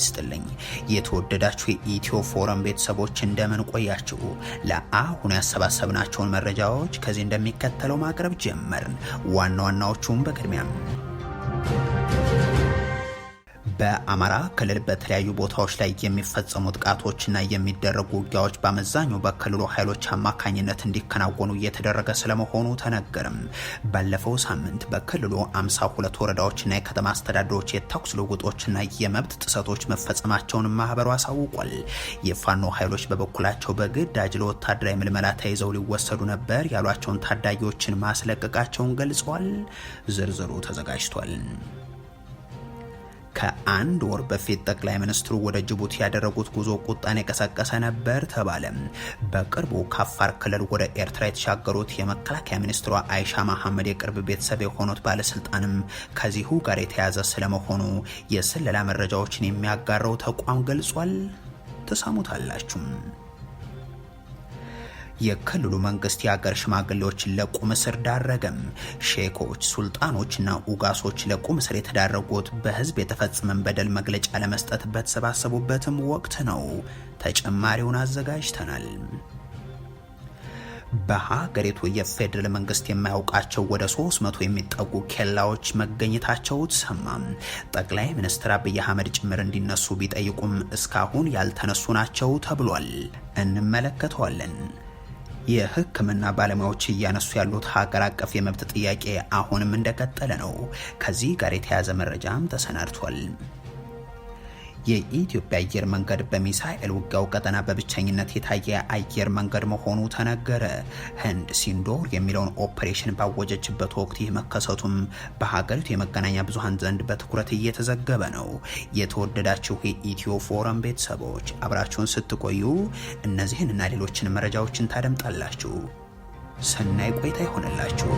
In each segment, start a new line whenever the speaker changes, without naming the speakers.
ይስጥልኝ። የተወደዳችሁ የኢትዮ ፎረም ቤተሰቦች እንደምን ቆያችሁ? ለአሁን ያሰባሰብናቸውን መረጃዎች ከዚህ እንደሚከተለው ማቅረብ ጀመርን። ዋና ዋናዎቹም በቅድሚያም በአማራ ክልል በተለያዩ ቦታዎች ላይ የሚፈጸሙ ጥቃቶችና የሚደረጉ ውጊያዎች በአመዛኙ በክልሉ ኃይሎች አማካኝነት እንዲከናወኑ እየተደረገ ስለመሆኑ ተነገርም። ባለፈው ሳምንት በክልሉ አምሳ ሁለት ወረዳዎችና የከተማ አስተዳደሮች የተኩስ ልውውጦችና የመብት ጥሰቶች መፈጸማቸውን ማህበሩ አሳውቋል። የፋኖ ኃይሎች በበኩላቸው በግዳጅ ለወታደራዊ ምልመላ ተይዘው ሊወሰዱ ነበር ያሏቸውን ታዳጊዎችን ማስለቀቃቸውን ገልጸዋል። ዝርዝሩ ተዘጋጅቷል። ከአንድ ወር በፊት ጠቅላይ ሚኒስትሩ ወደ ጅቡቲ ያደረጉት ጉዞ ቁጣን የቀሰቀሰ ነበር ተባለ። በቅርቡ ከአፋር ክልል ወደ ኤርትራ የተሻገሩት የመከላከያ ሚኒስትሯ አይሻ መሐመድ የቅርብ ቤተሰብ የሆኑት ባለስልጣንም ከዚሁ ጋር የተያዘ ስለመሆኑ የስለላ መረጃዎችን የሚያጋራው ተቋም ገልጿል። ተሳሙታላችሁም። የክልሉ መንግስት የአገር ሽማግሌዎችን ለቁም እስር ዳረገም። ሼኮች፣ ሱልጣኖችና ኡጋሶች ለቁም እስር የተዳረጉት በህዝብ የተፈጸመን በደል መግለጫ ለመስጠት በተሰባሰቡበትም ወቅት ነው። ተጨማሪውን አዘጋጅተናል። በሀገሪቱ የፌዴራል መንግስት የማያውቃቸው ወደ 300 የሚጠጉ ኬላዎች መገኘታቸው ተሰማም። ጠቅላይ ሚኒስትር አብይ አህመድ ጭምር እንዲነሱ ቢጠይቁም እስካሁን ያልተነሱ ናቸው ተብሏል። እንመለከተዋለን። የህክምና ባለሙያዎች እያነሱ ያሉት ሀገር አቀፍ የመብት ጥያቄ አሁንም እንደቀጠለ ነው። ከዚህ ጋር የተያያዘ መረጃም ተሰናድቷል። የኢትዮጵያ አየር መንገድ በሚሳኤል ውጊያው ቀጠና በብቸኝነት የታየ አየር መንገድ መሆኑ ተነገረ። ህንድ ሲንዶር የሚለውን ኦፕሬሽን ባወጀችበት ወቅት ይህ መከሰቱም በሀገሪቱ የመገናኛ ብዙሀን ዘንድ በትኩረት እየተዘገበ ነው። የተወደዳችሁ የኢትዮ ፎረም ቤተሰቦች አብራችሁን ስትቆዩ እነዚህን እና ሌሎችን መረጃዎችን ታደምጣላችሁ። ሰናይ ቆይታ ይሆነላችሁ።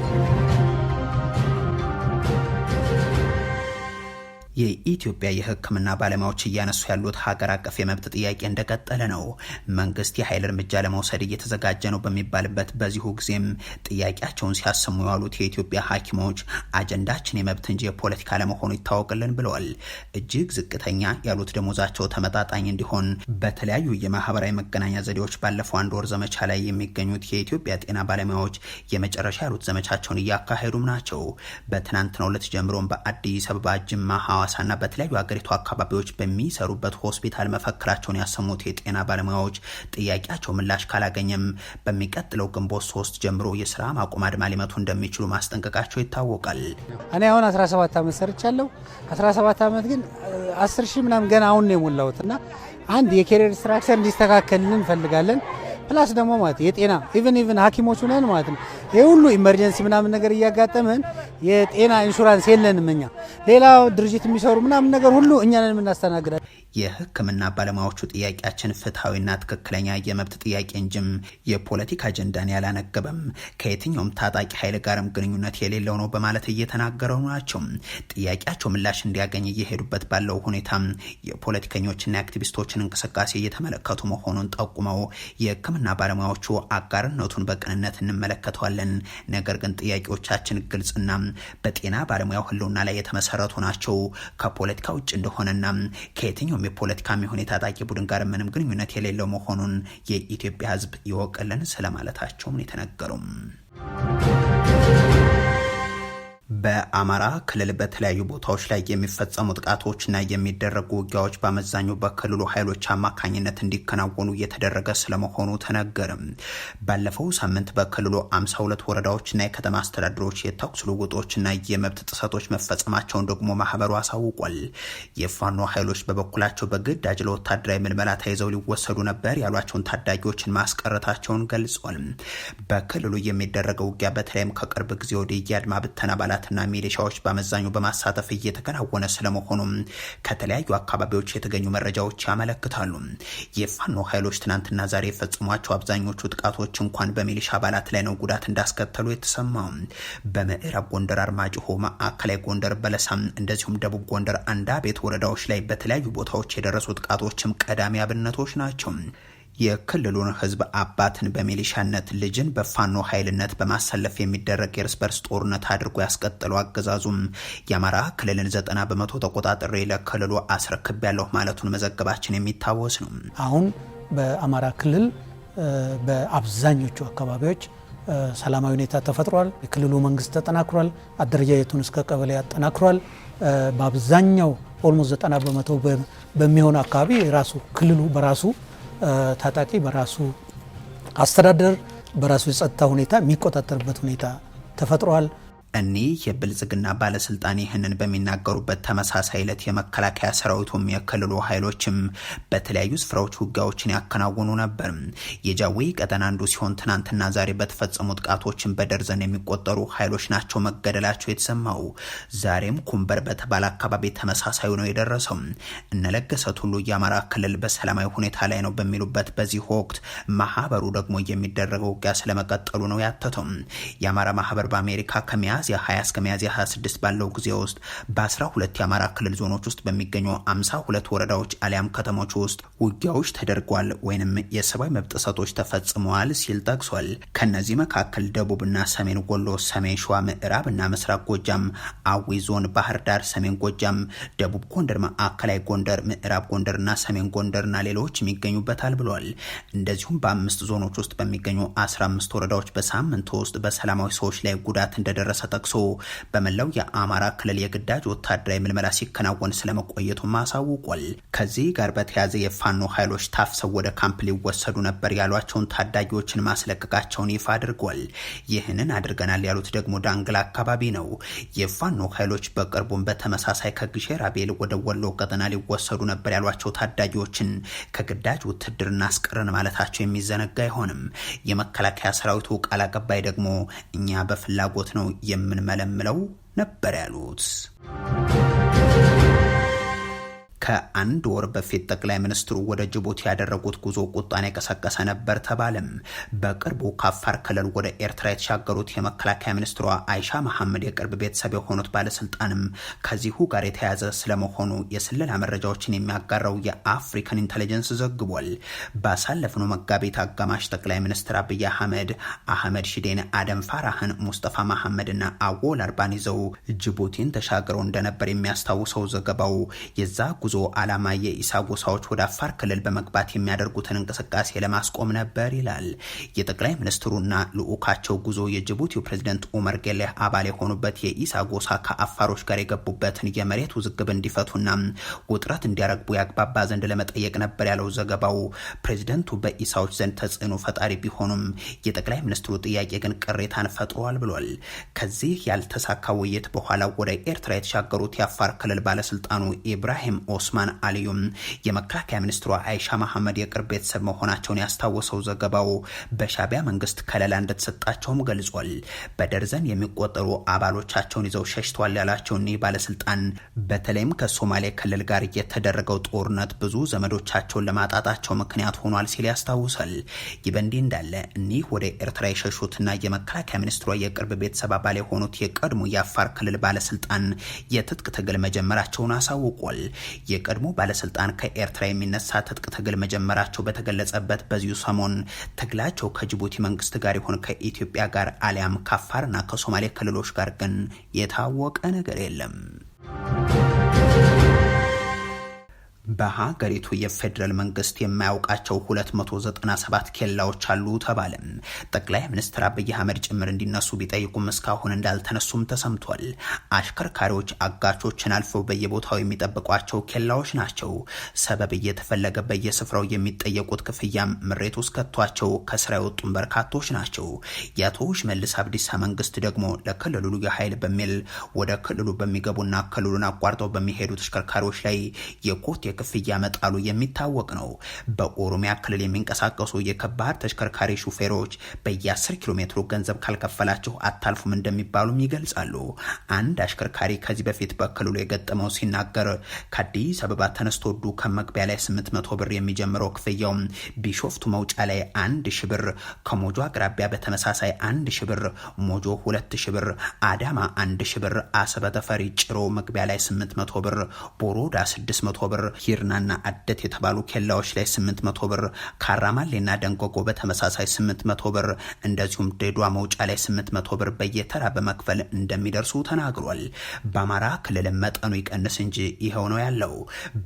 የኢትዮጵያ የሕክምና ባለሙያዎች እያነሱ ያሉት ሀገር አቀፍ የመብት ጥያቄ እንደቀጠለ ነው። መንግስት የኃይል እርምጃ ለመውሰድ እየተዘጋጀ ነው በሚባልበት በዚሁ ጊዜም ጥያቄያቸውን ሲያሰሙ የዋሉት የኢትዮጵያ ሐኪሞች አጀንዳችን የመብት እንጂ የፖለቲካ ለመሆኑ ይታወቅልን ብለዋል። እጅግ ዝቅተኛ ያሉት ደሞዛቸው ተመጣጣኝ እንዲሆን በተለያዩ የማህበራዊ መገናኛ ዘዴዎች ባለፈው አንድ ወር ዘመቻ ላይ የሚገኙት የኢትዮጵያ ጤና ባለሙያዎች የመጨረሻ ያሉት ዘመቻቸውን እያካሄዱም ናቸው። በትናንትናው ዕለት ጀምሮም በአዲስ አበባ፣ ጅማ፣ ሐዋሳና በተለያዩ ሀገሪቱ አካባቢዎች በሚሰሩበት ሆስፒታል መፈክራቸውን ያሰሙት የጤና ባለሙያዎች ጥያቄያቸው ምላሽ ካላገኘም በሚቀጥለው ግንቦት ሶስት ጀምሮ የስራ ማቆም አድማ ሊመቱ እንደሚችሉ ማስጠንቀቃቸው ይታወቃል።
እኔ አሁን 17 ዓመት ሰርቻለሁ። 17 ዓመት ግን 10 ሺህ ምናምን ገና አሁን ነው የሞላሁት እና አንድ የኬሪየር ስትራክቸር እንዲስተካከል እንፈልጋለን። ፕላስ ደግሞ ማለት የጤና ኢቨን ኢቨን ሐኪሞች ሆነን ማለት ነው ይህ ሁሉ ኢመርጀንሲ ምናምን ነገር እያጋጠመን የጤና ኢንሹራንስ የለንም እኛ። ሌላ ድርጅት የሚሰሩ ምናምን ነገር ሁሉ እኛንን የምናስተናግዳል።
የህክምና ባለሙያዎቹ ጥያቄያችን ፍትሐዊና ትክክለኛ የመብት ጥያቄ እንጂም የፖለቲካ አጀንዳን ያላነገበም ከየትኛውም ታጣቂ ኃይል ጋርም ግንኙነት የሌለው ነው በማለት እየተናገረው ናቸው። ጥያቄያቸው ምላሽ እንዲያገኝ እየሄዱበት ባለው ሁኔታ የፖለቲከኞችና የአክቲቪስቶችን እንቅስቃሴ እየተመለከቱ መሆኑን ጠቁመው የህክምና የሕክምና ባለሙያዎቹ አጋርነቱን በቅንነት እንመለከተዋለን። ነገር ግን ጥያቄዎቻችን ግልጽና በጤና ባለሙያው ህልውና ላይ የተመሰረቱ ናቸው። ከፖለቲካ ውጭ እንደሆነና ከየትኛውም የፖለቲካ የሚሆን የታጣቂ ቡድን ጋር ምንም ግንኙነት የሌለው መሆኑን የኢትዮጵያ ህዝብ ይወቅልን ስለማለታቸውም የተነገሩም በአማራ ክልል በተለያዩ ቦታዎች ላይ የሚፈጸሙ ጥቃቶችና የሚደረጉ ውጊያዎች በአመዛኙ በክልሉ ኃይሎች አማካኝነት እንዲከናወኑ እየተደረገ ስለመሆኑ ተነገርም። ባለፈው ሳምንት በክልሉ 52 ወረዳዎችና የከተማ አስተዳደሮች የተኩስ ልውውጦችና የመብት ጥሰቶች መፈጸማቸውን ደግሞ ማህበሩ አሳውቋል። የፋኖ ኃይሎች በበኩላቸው በግዳጅ ለወታደራዊ ምልመላ ተይዘው ሊወሰዱ ነበር ያሏቸውን ታዳጊዎችን ማስቀረታቸውን ገልጿል። በክልሉ የሚደረገው ውጊያ በተለይም ከቅርብ ጊዜ ወዲህ የአድማ ብተና አባላት አባላትና ሚሊሻዎች በአመዛኙ በማሳተፍ እየተከናወነ ስለመሆኑም ከተለያዩ አካባቢዎች የተገኙ መረጃዎች ያመለክታሉ። የፋኖ ኃይሎች ትናንትና ዛሬ የፈጽሟቸው አብዛኞቹ ጥቃቶች እንኳን በሚሊሻ አባላት ላይ ነው ጉዳት እንዳስከተሉ የተሰማው። በምዕራብ ጎንደር አርማጭሆ፣ ማዕከላዊ ጎንደር በለሳም፣ እንደዚሁም ደቡብ ጎንደር አንዳቤት ወረዳዎች ላይ በተለያዩ ቦታዎች የደረሱ ጥቃቶችም ቀዳሚ አብነቶች ናቸው። የክልሉን ህዝብ አባትን በሚሊሻነት ልጅን በፋኖ ኃይልነት በማሰለፍ የሚደረግ የእርስ በርስ ጦርነት አድርጎ ያስቀጥሉ አገዛዙም የአማራ ክልልን ዘጠና በመቶ ተቆጣጥሬ ለክልሉ አስረክብ ያለሁ ማለቱን መዘገባችን የሚታወስ ነው።
አሁን በአማራ ክልል በአብዛኞቹ አካባቢዎች ሰላማዊ ሁኔታ ተፈጥሯል። የክልሉ መንግስት ተጠናክሯል። አደረጃጀቱን እስከ ቀበሌ ያጠናክሯል። በአብዛኛው ኦልሞስ ዘጠና በመቶ በሚሆን አካባቢ ራሱ ክልሉ በራሱ ታጣቂ በራሱ አስተዳደር በራሱ የጸጥታ ሁኔታ የሚቆጣጠርበት ሁኔታ ተፈጥሯል።
እኒህ የብልጽግና ባለስልጣን ይህንን በሚናገሩበት ተመሳሳይ ዕለት የመከላከያ ሰራዊቱም የክልሉ ኃይሎችም በተለያዩ ስፍራዎች ውጊያዎችን ያከናውኑ ነበር። የጃዊ ቀጠና አንዱ ሲሆን ትናንትና ዛሬ በተፈጸሙ ጥቃቶችን በደርዘን የሚቆጠሩ ኃይሎች ናቸው መገደላቸው የተሰማው። ዛሬም ኩምበር በተባለ አካባቢ ተመሳሳዩ ነው የደረሰው። እነለገሰት ሁሉ የአማራ ክልል በሰላማዊ ሁኔታ ላይ ነው በሚሉበት በዚህ ወቅት ማህበሩ ደግሞ የሚደረገው ውጊያ ስለመቀጠሉ ነው ያተተው። የአማራ ማህበር በአሜሪካ ከሚያ ከሚያዝያ 20 እስከ ሚያዝያ 26 ባለው ጊዜ ውስጥ በ12 የአማራ ክልል ዞኖች ውስጥ በሚገኙ 52 ወረዳዎች አሊያም ከተሞች ውስጥ ውጊያዎች ተደርጓል ወይንም የሰብአዊ መብት ጥሰቶች ተፈጽመዋል ሲል ጠቅሷል። ከእነዚህ መካከል ደቡብና ሰሜን ወሎ፣ ሰሜን ሸዋ፣ ምዕራብና ምስራቅ ጎጃም፣ አዊ ዞን፣ ባህር ዳር፣ ሰሜን ጎጃም፣ ደቡብ ጎንደር፣ ማዕከላዊ ጎንደር፣ ምዕራብ ጎንደርና ሰሜን ጎንደርና ሌሎች የሚገኙበታል ብሏል። እንደዚሁም በአምስት ዞኖች ውስጥ በሚገኙ 15 ወረዳዎች በሳምንት ውስጥ በሰላማዊ ሰዎች ላይ ጉዳት እንደደረሰ ተጠቅሶ በመላው የአማራ ክልል የግዳጅ ወታደራዊ ምልመላ ሲከናወን ስለመቆየቱም አሳውቋል። ከዚህ ጋር በተያያዘ የፋኖ ኃይሎች ታፍሰው ወደ ካምፕ ሊወሰዱ ነበር ያሏቸውን ታዳጊዎችን ማስለቀቃቸውን ይፋ አድርጓል። ይህንን አድርገናል ያሉት ደግሞ ዳንግላ አካባቢ ነው። የፋኖ ኃይሎች በቅርቡም በተመሳሳይ ከግሼ ራቤል ወደ ወሎ ቀጠና ሊወሰዱ ነበር ያሏቸው ታዳጊዎችን ከግዳጅ ውትድርና አስቀረን ማለታቸው የሚዘነጋ አይሆንም። የመከላከያ ሰራዊቱ ቃል አቀባይ ደግሞ እኛ በፍላጎት ነው የምንመለምለው ነበር ያሉት። ከአንድ ወር በፊት ጠቅላይ ሚኒስትሩ ወደ ጅቡቲ ያደረጉት ጉዞ ቁጣን የቀሰቀሰ ነበር ተባለም። በቅርቡ ከአፋር ክልል ወደ ኤርትራ የተሻገሩት የመከላከያ ሚኒስትሯ አይሻ መሐመድ የቅርብ ቤተሰብ የሆኑት ባለስልጣንም ከዚሁ ጋር የተያዘ ስለመሆኑ የስለላ መረጃዎችን የሚያጋራው የአፍሪካን ኢንቴሊጀንስ ዘግቧል። ባሳለፍነው መጋቢት አጋማሽ ጠቅላይ ሚኒስትር አብይ አህመድ አህመድ ሺዴን፣ አደም ፋራህን፣ ሙስጠፋ መሐመድና አወል አርባን ይዘው ጅቡቲን ተሻግረው እንደነበር የሚያስታውሰው ዘገባው የዛ ጉዞ ዓላማ የኢሳ ጎሳዎች ወደ አፋር ክልል በመግባት የሚያደርጉትን እንቅስቃሴ ለማስቆም ነበር ይላል። የጠቅላይ ሚኒስትሩና ልዑካቸው ጉዞ የጅቡቲው ፕሬዚደንት ኡመር ጌሌህ አባል የሆኑበት የኢሳ ጎሳ ከአፋሮች ጋር የገቡበትን የመሬት ውዝግብ እንዲፈቱና ውጥረት እንዲያረግቡ ያግባባ ዘንድ ለመጠየቅ ነበር ያለው ዘገባው። ፕሬዚደንቱ በኢሳዎች ዘንድ ተጽዕኖ ፈጣሪ ቢሆኑም የጠቅላይ ሚኒስትሩ ጥያቄ ግን ቅሬታን ፈጥሯል ብሏል። ከዚህ ያልተሳካ ውይይት በኋላ ወደ ኤርትራ የተሻገሩት የአፋር ክልል ባለስልጣኑ ኢብራሂም ኦስማን አልዩም የመከላከያ ሚኒስትሯ አይሻ መሐመድ የቅርብ ቤተሰብ መሆናቸውን ያስታወሰው ዘገባው በሻቢያ መንግስት ከለላ እንደተሰጣቸውም ገልጿል። በደርዘን የሚቆጠሩ አባሎቻቸውን ይዘው ሸሽተዋል ያላቸው እኒህ ባለስልጣን በተለይም ከሶማሌ ክልል ጋር የተደረገው ጦርነት ብዙ ዘመዶቻቸውን ለማጣጣቸው ምክንያት ሆኗል ሲል ያስታውሳል። ይህ በእንዲህ እንዳለ እኒህ ወደ ኤርትራ የሸሹትና የመከላከያ ሚኒስትሯ የቅርብ ቤተሰብ አባል የሆኑት የቀድሞ የአፋር ክልል ባለስልጣን የትጥቅ ትግል መጀመራቸውን አሳውቋል። የቀድሞ ባለስልጣን ከኤርትራ የሚነሳ ትጥቅ ትግል መጀመራቸው በተገለጸበት በዚሁ ሰሞን ትግላቸው ከጅቡቲ መንግስት ጋር ይሆን ከኢትዮጵያ ጋር አሊያም ከአፋርና ከሶማሌ ክልሎች ጋር ግን የታወቀ ነገር የለም። በሀገሪቱ የፌዴራል መንግስት የማያውቃቸው 297 ኬላዎች አሉ ተባለም። ጠቅላይ ሚኒስትር አብይ አህመድ ጭምር እንዲነሱ ቢጠይቁም እስካሁን እንዳልተነሱም ተሰምቷል። አሽከርካሪዎች አጋቾችን አልፈው በየቦታው የሚጠብቋቸው ኬላዎች ናቸው። ሰበብ እየተፈለገ በየስፍራው የሚጠየቁት ክፍያም ምሬት ውስጥ ከቷቸው ከስራ የወጡን በርካቶች ናቸው። የአቶ ሽመልስ አብዲሳ መንግስት ደግሞ ለክልሉ ልዩ ኃይል በሚል ወደ ክልሉ በሚገቡና ክልሉን አቋርጠው በሚሄዱ ተሽከርካሪዎች ላይ የኮቴ ክፍያ መጣሉ የሚታወቅ ነው። በኦሮሚያ ክልል የሚንቀሳቀሱ የከባድ ተሽከርካሪ ሹፌሮች በየ10 ኪሎ ሜትሩ ገንዘብ ካልከፈላችሁ አታልፉም እንደሚባሉም ይገልጻሉ። አንድ አሽከርካሪ ከዚህ በፊት በክልሉ የገጠመው ሲናገር ከአዲስ አበባ ተነስቶ ዱከም ከመግቢያ ላይ 800 ብር የሚጀምረው ክፍያው ቢሾፍቱ መውጫ ላይ አንድ ሺ ብር፣ ከሞጆ አቅራቢያ በተመሳሳይ አንድ ሺ ብር፣ ሞጆ ሁለት ሺ ብር፣ አዳማ አንድ ሺ ብር፣ አሰበ ተፈሪ ጭሮ መግቢያ ላይ 800 ብር፣ ቦሮዳ 600 ብር፣ ሂርናና አደት የተባሉ ኬላዎች ላይ 800 ብር፣ ካራማሌና ደንጎጎ በተመሳሳይ 800 ብር፣ እንደዚሁም ድዷ መውጫ ላይ 800 ብር በየተራ በመክፈል እንደሚደርሱ ተናግሯል። በአማራ ክልል መጠኑ ይቀንስ እንጂ ይኸው ነው ያለው።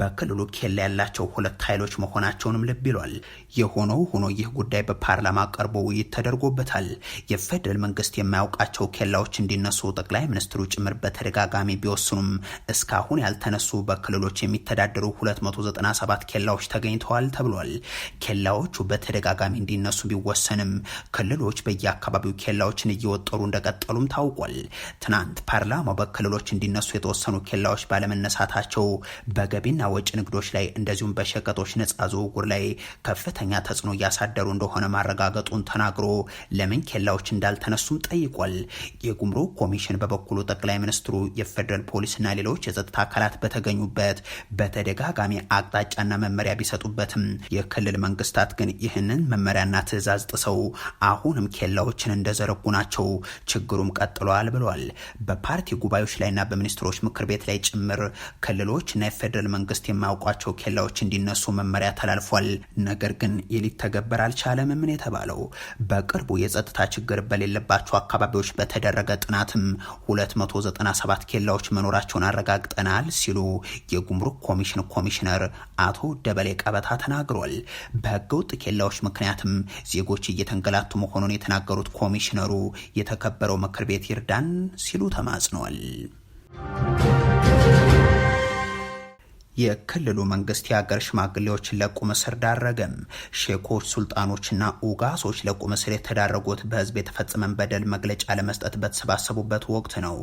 በክልሉ ኬላ ያላቸው ሁለት ኃይሎች መሆናቸውንም ልብ ይሏል። የሆነው ሆኖ ይህ ጉዳይ በፓርላማ ቀርቦ ውይይት ተደርጎበታል። የፌዴራል መንግስት የማያውቃቸው ኬላዎች እንዲነሱ ጠቅላይ ሚኒስትሩ ጭምር በተደጋጋሚ ቢወስኑም እስካሁን ያልተነሱ በክልሎች የሚተዳደሩ 297 ኬላዎች ተገኝተዋል ተብሏል። ኬላዎቹ በተደጋጋሚ እንዲነሱ ቢወሰንም ክልሎች በየአካባቢው ኬላዎችን እየወጠሩ እንደቀጠሉም ታውቋል። ትናንት ፓርላማው በክልሎች እንዲነሱ የተወሰኑ ኬላዎች ባለመነሳታቸው በገቢና ወጪ ንግዶች ላይ እንደዚሁም በሸቀጦች ነጻ ዝውውር ላይ ከፍተኛ ተጽዕኖ እያሳደሩ እንደሆነ ማረጋገጡን ተናግሮ ለምን ኬላዎች እንዳልተነሱም ጠይቋል። የጉምሩክ ኮሚሽን በበኩሉ ጠቅላይ ሚኒስትሩ የፌዴራል ፖሊስና ሌሎች የጸጥታ አካላት በተገኙበት በተደጋ ተደጋጋሚ አቅጣጫና መመሪያ ቢሰጡበትም የክልል መንግስታት ግን ይህንን መመሪያና ትዕዛዝ ጥሰው አሁንም ኬላዎችን እንደዘረጉ ናቸው። ችግሩም ቀጥሏል ብሏል። በፓርቲ ጉባኤዎች ላይና በሚኒስትሮች ምክር ቤት ላይ ጭምር ክልሎችና የፌዴራል መንግስት የማያውቋቸው ኬላዎች እንዲነሱ መመሪያ ተላልፏል። ነገር ግን የሊተገበር አልቻለም። ምን የተባለው በቅርቡ የጸጥታ ችግር በሌለባቸው አካባቢዎች በተደረገ ጥናትም 297 ኬላዎች መኖራቸውን አረጋግጠናል ሲሉ የጉምሩክ ኮሚሽን ኮሚሽነር አቶ ደበሌ ቀበታ ተናግሯል። በህገወጥ ኬላዎች ምክንያትም ዜጎች እየተንገላቱ መሆኑን የተናገሩት ኮሚሽነሩ የተከበረው ምክር ቤት ይርዳን ሲሉ ተማጽነዋል። የክልሉ መንግስት የሀገር ሽማግሌዎችን ለቁምስር ዳረገም። ሼኮች፣ ሱልጣኖችና ኡጋሶች ለቁምስር የተዳረጉት በህዝብ የተፈጸመን በደል መግለጫ ለመስጠት በተሰባሰቡበት ወቅት ነው።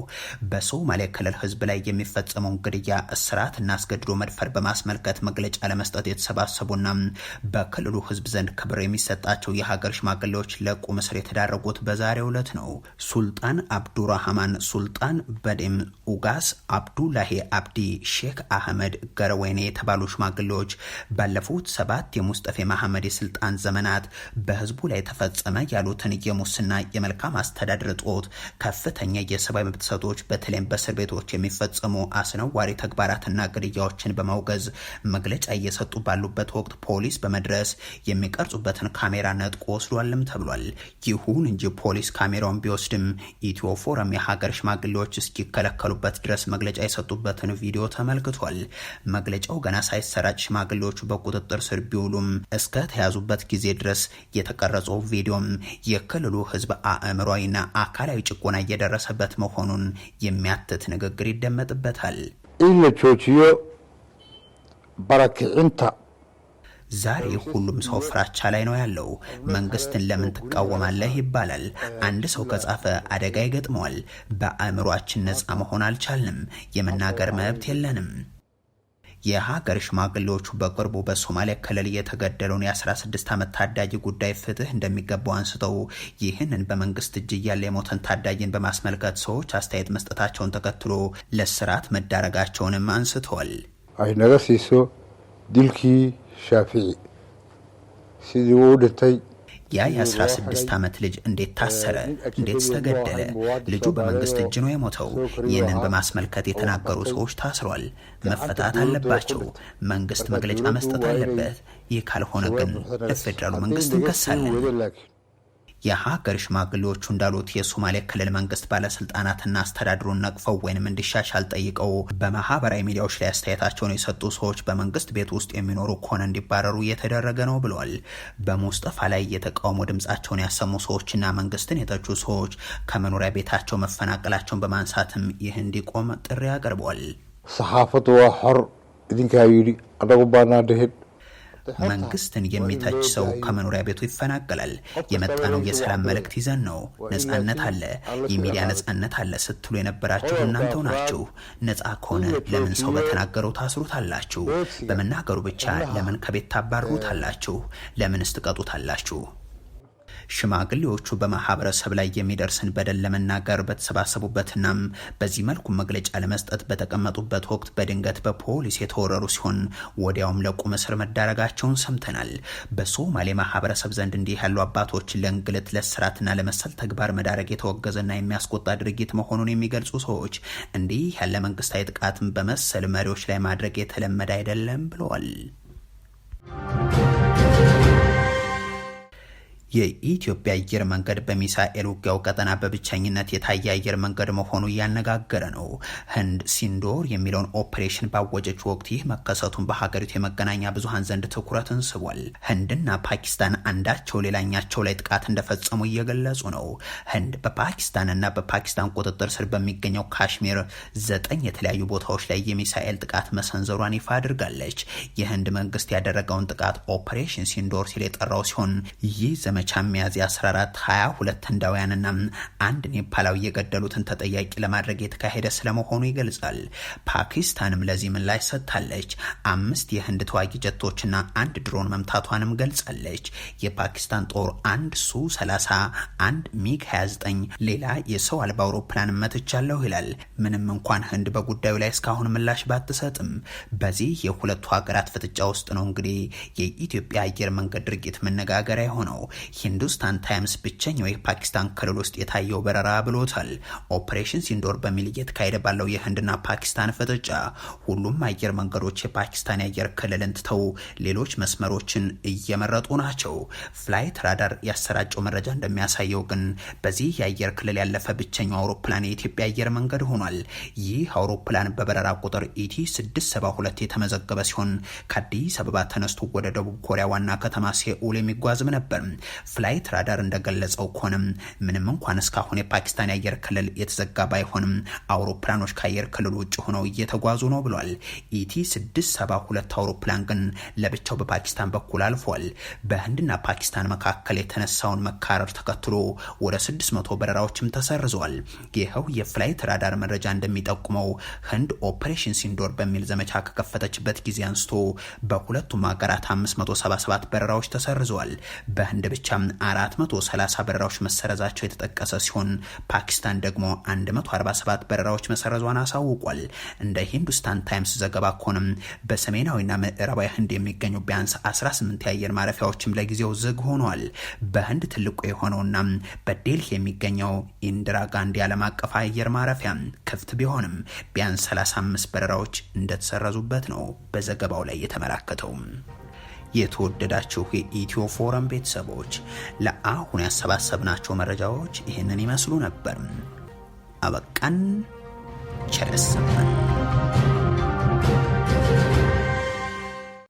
በሶማሌ ክልል ህዝብ ላይ የሚፈጸመውን ግድያ፣ እና አስገድዶ መድፈር በማስመልከት መግለጫ ለመስጠት የተሰባሰቡና በክልሉ ህዝብ ዘንድ ክብር የሚሰጣቸው የሀገር ሽማግሌዎች ለቁምስር የተዳረጉት በዛሬው ዕለት ነው። ሱልጣን አብዱራህማን ሱልጣን በዴም ኡጋስ፣ አብዱላሂ አብዲ፣ ሼክ አህመድ ገረ ወይኔ የተባሉ ሽማግሌዎች ባለፉት ሰባት የሙስጠፌ መሐመድ የስልጣን ዘመናት በህዝቡ ላይ ተፈጸመ ያሉትን የሙስና የመልካም አስተዳደር እጦት፣ ከፍተኛ የሰብአዊ መብት ጥሰቶች፣ በተለይም በእስር ቤቶች የሚፈጸሙ አስነዋሪ ተግባራትና ግድያዎችን በማውገዝ መግለጫ እየሰጡ ባሉበት ወቅት ፖሊስ በመድረስ የሚቀርጹበትን ካሜራ ነጥቆ ወስዷልም ተብሏል። ይሁን እንጂ ፖሊስ ካሜራውን ቢወስድም ኢትዮ ፎረም የሀገር ሽማግሌዎች እስኪከለከሉበት ድረስ መግለጫ የሰጡበትን ቪዲዮ ተመልክቷል። መግለጫው ገና ሳይሰራጭ ሽማግሌዎቹ በቁጥጥር ስር ቢውሉም እስከ ተያዙበት ጊዜ ድረስ የተቀረጸው ቪዲዮም የክልሉ ህዝብ አእምሯዊና አካላዊ ጭቆና እየደረሰበት መሆኑን የሚያትት ንግግር ይደመጥበታል።
ኢለቾችዮ ባራኪዕንታ
ዛሬ ሁሉም ሰው ፍራቻ ላይ ነው ያለው። መንግስትን ለምን ትቃወማለህ ይባላል። አንድ ሰው ከጻፈ አደጋ ይገጥመዋል። በአእምሯችን ነፃ መሆን አልቻልንም። የመናገር መብት የለንም። የሀገር ሽማግሌዎቹ በቅርቡ በሶማሊያ ክልል የተገደለውን የ16 ዓመት ታዳጊ ጉዳይ ፍትህ እንደሚገባው አንስተው ይህንን በመንግስት እጅ እያለ የሞተን ታዳጊን በማስመልከት ሰዎች አስተያየት መስጠታቸውን ተከትሎ ለስርዓት መዳረጋቸውንም አንስተዋል።
አይነጋ ድልኪ ሻፊዒ ሲዲ
ያ የ16 ዓመት ልጅ እንዴት ታሰረ? እንዴት ተገደለ? ልጁ በመንግስት እጅ ነው የሞተው። ይህንን በማስመልከት የተናገሩ ሰዎች ታስሯል፣ መፈታት አለባቸው። መንግስት መግለጫ መስጠት አለበት። ይህ ካልሆነ ግን ለፌዴራሉ መንግስት እንከሳለን። የሀገር ሽማግሌዎቹ እንዳሉት የሶማሌ ክልል መንግስት ባለስልጣናትና አስተዳድሩን ነቅፈው ወይንም እንዲሻሻል ጠይቀው በማህበራዊ ሚዲያዎች ላይ አስተያየታቸውን የሰጡ ሰዎች በመንግስት ቤት ውስጥ የሚኖሩ ከሆነ እንዲባረሩ እየተደረገ ነው ብለዋል። በሙስጠፋ ላይ የተቃውሞ ድምጻቸውን ያሰሙ ሰዎችና መንግስትን የተቹ ሰዎች ከመኖሪያ ቤታቸው መፈናቀላቸውን በማንሳትም ይህ እንዲቆም ጥሪ አቅርበዋል።
ሰሓፈት ዋ ሖር እዲንካዩ
መንግስትን የሚተች ሰው ከመኖሪያ ቤቱ ይፈናቀላል። የመጣነው የሰላም መልእክት ይዘን ነው። ነጻነት አለ፣ የሚዲያ ነጻነት አለ ስትሉ የነበራችሁ እናንተው ናችሁ። ነጻ ከሆነ ለምን ሰው በተናገረው ታስሩታላችሁ? በመናገሩ ብቻ ለምን ከቤት ታባርሩታላችሁ? ለምንስ አላችሁ? ሽማግሌዎቹ በማህበረሰብ ላይ የሚደርስን በደል ለመናገር በተሰባሰቡበትናም በዚህ መልኩ መግለጫ ለመስጠት በተቀመጡበት ወቅት በድንገት በፖሊስ የተወረሩ ሲሆን ወዲያውም ለቁም እስር መዳረጋቸውን ሰምተናል። በሶማሌ ማህበረሰብ ዘንድ እንዲህ ያሉ አባቶች ለእንግልት ለስራትና ለመሰል ተግባር መዳረግ የተወገዘና የሚያስቆጣ ድርጊት መሆኑን የሚገልጹ ሰዎች እንዲህ ያለ መንግስታዊ ጥቃትን በመሰል መሪዎች ላይ ማድረግ የተለመደ አይደለም ብለዋል። የኢትዮጵያ አየር መንገድ በሚሳኤል ውጊያው ቀጠና በብቸኝነት የታየ አየር መንገድ መሆኑ እያነጋገረ ነው። ህንድ ሲንዶር የሚለውን ኦፕሬሽን ባወጀች ወቅት ይህ መከሰቱን በሀገሪቱ የመገናኛ ብዙሀን ዘንድ ትኩረትን ስቧል። ህንድና ፓኪስታን አንዳቸው ሌላኛቸው ላይ ጥቃት እንደፈጸሙ እየገለጹ ነው። ህንድ በፓኪስታንና በፓኪስታን ቁጥጥር ስር በሚገኘው ካሽሚር ዘጠኝ የተለያዩ ቦታዎች ላይ የሚሳኤል ጥቃት መሰንዘሯን ይፋ አድርጋለች። የህንድ መንግስት ያደረገውን ጥቃት ኦፕሬሽን ሲንዶር ሲል የጠራው ሲሆን ይህ ዘመ ዘመቻ ሚያዝያ 14 22 ህንዳውያንና አንድ ኔፓላዊ የገደሉትን ተጠያቂ ለማድረግ የተካሄደ ስለመሆኑ ይገልጻል። ፓኪስታንም ለዚህ ምላሽ ሰጥታለች። አምስት የህንድ ተዋጊ ጀቶችና አንድ ድሮን መምታቷንም ገልጻለች። የፓኪስታን ጦር አንድ ሱ 30 አንድ ሚግ 29 ሌላ የሰው አልባ አውሮፕላን መትቻለሁ ይላል። ምንም እንኳን ህንድ በጉዳዩ ላይ እስካሁን ምላሽ ባትሰጥም በዚህ የሁለቱ ሀገራት ፍጥጫ ውስጥ ነው እንግዲህ የኢትዮጵያ አየር መንገድ ድርጊት መነጋገሪያ የሆነው። ሂንዱስታን ታይምስ ብቸኛው የፓኪስታን ክልል ውስጥ የታየው በረራ ብሎታል። ኦፕሬሽን ሲንዶር በሚል እየተካሄደ ባለው የህንድና ፓኪስታን ፍጥጫ ሁሉም አየር መንገዶች የፓኪስታን የአየር ክልልን ትተው ሌሎች መስመሮችን እየመረጡ ናቸው። ፍላይት ራዳር ያሰራጨው መረጃ እንደሚያሳየው ግን በዚህ የአየር ክልል ያለፈ ብቸኛው አውሮፕላን የኢትዮጵያ አየር መንገድ ሆኗል። ይህ አውሮፕላን በበረራ ቁጥር ኢቲ 672 የተመዘገበ ሲሆን ከአዲስ አበባ ተነስቶ ወደ ደቡብ ኮሪያ ዋና ከተማ ሴኡል የሚጓዝም ነበር። ፍላይት ራዳር እንደገለጸው ከሆነም ምንም እንኳን እስካሁን የፓኪስታን የአየር ክልል የተዘጋ ባይሆንም አውሮፕላኖች ከአየር ክልል ውጭ ሆነው እየተጓዙ ነው ብሏል። ኢቲ 672 አውሮፕላን ግን ለብቻው በፓኪስታን በኩል አልፏል። በህንድና ፓኪስታን መካከል የተነሳውን መካረር ተከትሎ ወደ 600 በረራዎችም ተሰርዘዋል። ይኸው የፍላይት ራዳር መረጃ እንደሚጠቁመው ህንድ ኦፕሬሽን ሲንዶር በሚል ዘመቻ ከከፈተችበት ጊዜ አንስቶ በሁለቱም ሀገራት 577 በረራዎች ተሰርዘዋል። በህንድ ብቻ 430 በረራዎች መሰረዛቸው የተጠቀሰ ሲሆን ፓኪስታን ደግሞ 147 በረራዎች መሰረዟን አሳውቋል። እንደ ሂንዱስታን ታይምስ ዘገባ ከሆነም በሰሜናዊና ምዕራባዊ ህንድ የሚገኙ ቢያንስ 18 የአየር ማረፊያዎችም ለጊዜው ዝግ ሆኗል። በህንድ ትልቁ የሆነውና በዴልሂ የሚገኘው ኢንዲራ ጋንዲ ዓለም አቀፍ አየር ማረፊያ ክፍት ቢሆንም ቢያንስ 35 በረራዎች እንደተሰረዙበት ነው በዘገባው ላይ የተመላከተው። የተወደዳችሁ የኢትዮ ፎረም ቤተሰቦች ለአሁን ያሰባሰብናቸው መረጃዎች ይህንን ይመስሉ ነበር። አበቃን። ቸር ያሰማን።